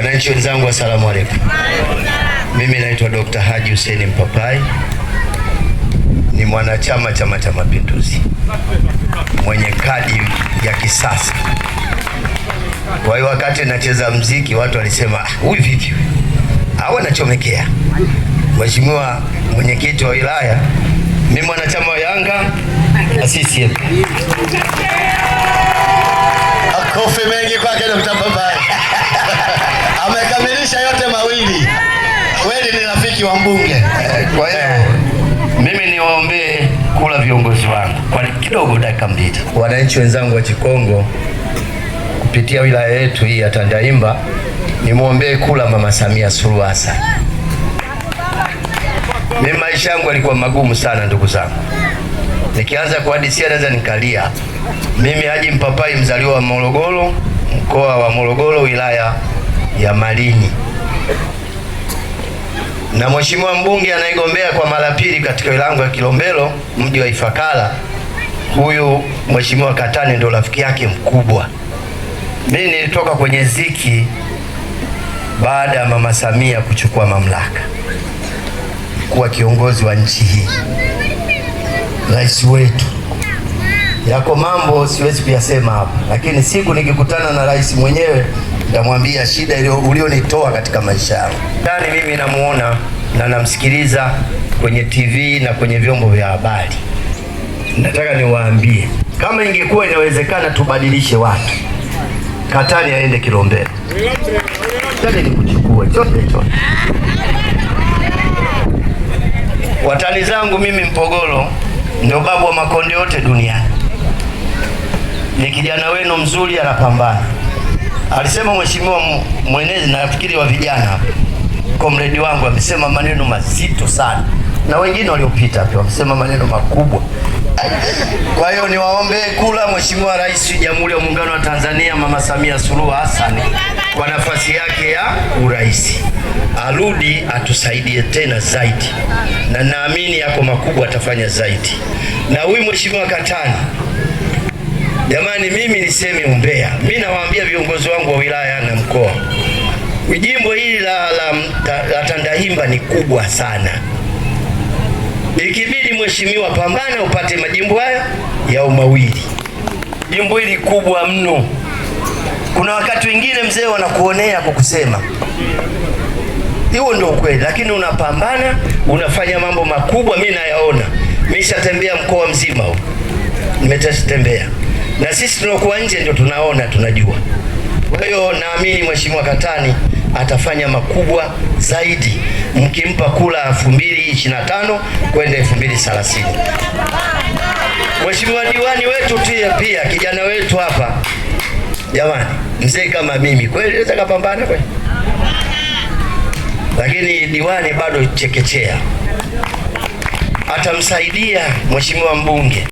Wananchi wenzangu, asalamu alaykum. Mimi naitwa Dr. Haji Hussein Mpapai, ni mwanachama Chama cha Mapinduzi mwenye kadi ya kisasa. Kwa hiyo wakati nacheza mziki watu walisema ah, huyu vipi au anachomekea. Mheshimiwa mwenyekiti wa wilaya, mimi mwanachama wa Yanga na CCM mwenyekiti wa mbunge. Kwa hiyo mimi niwaombee kula viongozi wangu kwa kidogo, dakika mbili. Wananchi wenzangu wa Chikongo kupitia wilaya yetu hii ya Tandaimba, nimwombee kula Mama Samia Suluhu Hassan. Mimi maisha yangu yalikuwa magumu sana, ndugu zangu, nikianza kuhadisia naweza nikalia. Mimi Haji Mpapai, mzaliwa wa Morogoro, mkoa wa Morogoro, wilaya ya Malinyi na mheshimiwa mbunge anayegombea kwa mara pili katika wilango ya Kilombero mji wa Ifakara, huyu mheshimiwa Katani ndo rafiki yake mkubwa. Mimi nilitoka kwenye ziki baada ya mama Samia kuchukua mamlaka kuwa kiongozi wa nchi hii, rais wetu. Yako mambo siwezi kuyasema hapa, lakini siku nikikutana na rais mwenyewe Namwambia shida ulionitoa katika maisha yangu, Ndani mimi namuona na namsikiliza kwenye TV na kwenye vyombo vya habari. Nataka niwaambie kama ingekuwa inawezekana tubadilishe watu, Katani aende Kilombero, nikuchukue chote chote. Watani zangu mimi, Mpogolo ndio babu wa makonde yote duniani, ni kijana wenu mzuri, anapambana Alisema mheshimiwa mwenezi, nafikiri wa vijana, komredi wangu amesema maneno mazito sana, na wengine waliopita pia wamesema maneno makubwa. Kwa hiyo niwaombee kula mheshimiwa Rais wa Jamhuri ya Muungano wa Tanzania Mama Samia Suluhu Hassan kwa nafasi yake ya urais, arudi atusaidie tena zaidi, na naamini yako makubwa atafanya zaidi. Na huyu mheshimiwa Katani Jamani, mimi niseme umbea, mi nawaambia viongozi wangu wa wilaya na mkoa, jimbo hili la, la, la, la Tandahimba ni kubwa sana. Ikibidi mheshimiwa, pambana upate majimbo haya ya umawili. Jimbo hili kubwa mno, kuna wakati wengine mzee wanakuonea kwa kusema hiyo ndio ukweli, lakini unapambana, unafanya mambo makubwa. Mi nayaona, mishatembea mkoa mzima huu, nimetembea na sisi tunaokuwa nje ndio tunaona, tunajua. Kwa hiyo naamini Mheshimiwa Katani atafanya makubwa zaidi mkimpa kula 2025 kwenda 2030. Mheshimiwa diwani wetu tia pia kijana wetu hapa, jamani, mzee kama mimi kweli naweza kapambana kweli, lakini diwani bado chekechea, atamsaidia mheshimiwa mbunge.